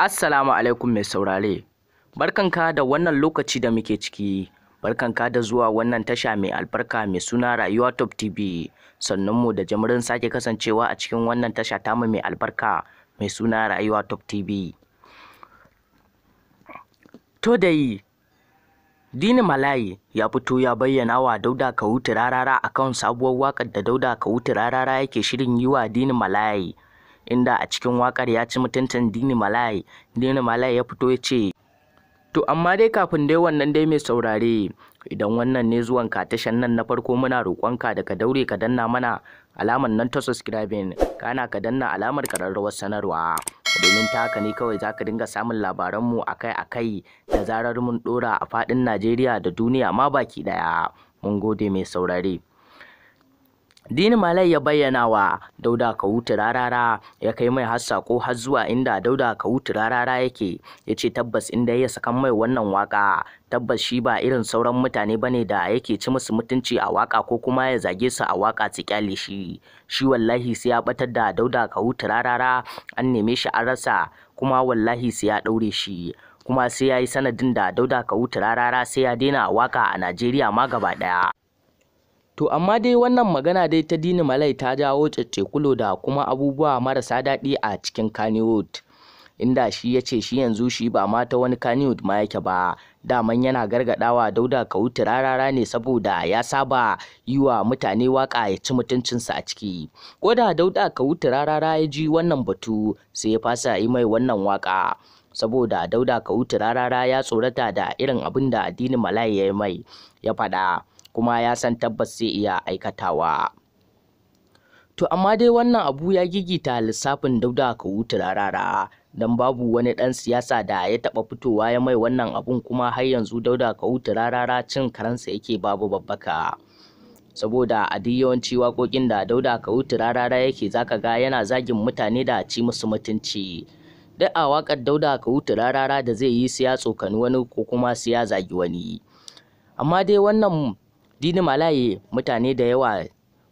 Assalamu alaikum mai saurare. Barkanka da wannan lokaci da muke ciki. Barkanka da zuwa wannan tasha mai albarka mai suna Rayuwa Top TV. mu da jimirin sake kasancewa a cikin wannan tasha tamu mai albarka mai suna Rayuwa Top TV. To dai Dini Malayi ya fito ya bayyana wa Dauda Kawutu rarara akan sabuwar waƙar da Dauda Kawutu rarara yake shirin yi wa Dini Malayi. inda a cikin wakar ya ci mutuncin Dini Malai Dini Malai ya fito ya ce to amma dai kafin dai wannan dai mai saurare idan wannan ne zuwan ka tashan nan na farko muna roƙonka da ka daure ka danna mana alamar nan ta subscribing kana ka danna alamar kararrawar sanarwa domin ta haka ne kawai zaka dinga samun labaranmu akai-akai da zarar mun dora a faɗin Najeriya da duniya ma baki daya mun gode mai saurare Dini Malai ya bayyana wa Dauda Kawutu rarara ya kai mai har ko har zuwa inda Dauda Kawutu rarara yake ya ce tabbas inda ya saka mai wannan waka tabbas shi ba irin sauran mutane bane da yake ci musu mutunci a waka ko kuma ya zage su a waka su shi shi wallahi sai ya batar da Dauda Kawutu rarara an neme shi an rasa kuma wallahi sai ya daure shi kuma sai ya yi sanadin da Dauda Kawutu rarara sai ya daina waka a Najeriya ma gaba daya To amma dai wannan magana dai ta Dini Malai ta jawo cecekulo da kuma abubuwa marasa daɗi a cikin Kannywood, inda shi ya ce shi yanzu shi ba ma ta wani Kannywood ma yake ba, daman yana gargaɗawa Dauda Kahutu rarara ne saboda ya saba yi wa mutane waƙa ya ci mutuncinsa a ciki. Ko da Dauda Kahutu rarara ya ji wannan batu sai ya fasa yi mai wannan waƙa. saboda Dauda Kahutu rarara ya tsorata da irin abin da Dini Malai ya yi mai ya faɗa. kuma ya san tabbas zai iya aikatawa to amma dai wannan abu ya gigita lissafin dauda ka wuta rarara, don babu wani ɗan siyasa da ya taɓa fitowa ya mai wannan abun kuma har yanzu dauda ka wuta rarara cin karansa yake babu babbaka saboda a duk yawanci waƙoƙin da dauda ka wuta rarara yake zaka ga yana zagin mutane da ci musu mutunci duk a waƙar dauda ka wuta rarara da zai yi siya tsokani wani ko kuma siya zagi wani amma dai wannan Dini Malaye mutane da yawa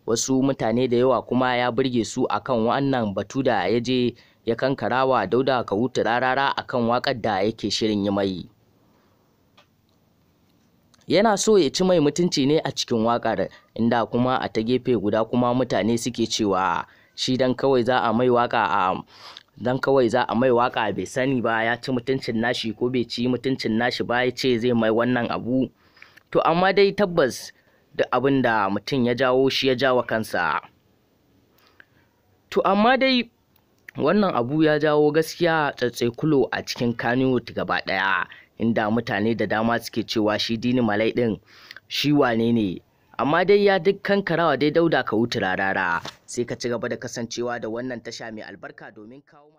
wasu mutane da yawa kuma ya burge su akan wannan batu da ya je ya kankarawa Dauda ka wuta rarara akan wakar da yake shirin yi mai. Yana so ya ci mai mutunci ne a cikin wakar inda kuma a ta gefe guda kuma mutane suke cewa shi dan kawai za a mai waka a dan kawai za a mai waka bai sani ba ya ci mutuncin nashi ko bai ci mutuncin nashi ba ya ce zai mai wannan abu to amma dai tabbas duk abin da mutum ya jawo shi ya jawa kansa to amma dai wannan abu ya jawo gaskiya tsatsekulo a cikin kaniwood gaba ɗaya inda mutane da dama suke cewa shi dini malai din, shi wane ne amma dai ya duk karawa dai dauda ka wuturarara rarara sai ka ci gaba da kasancewa da wannan tasha mai albarka domin kawo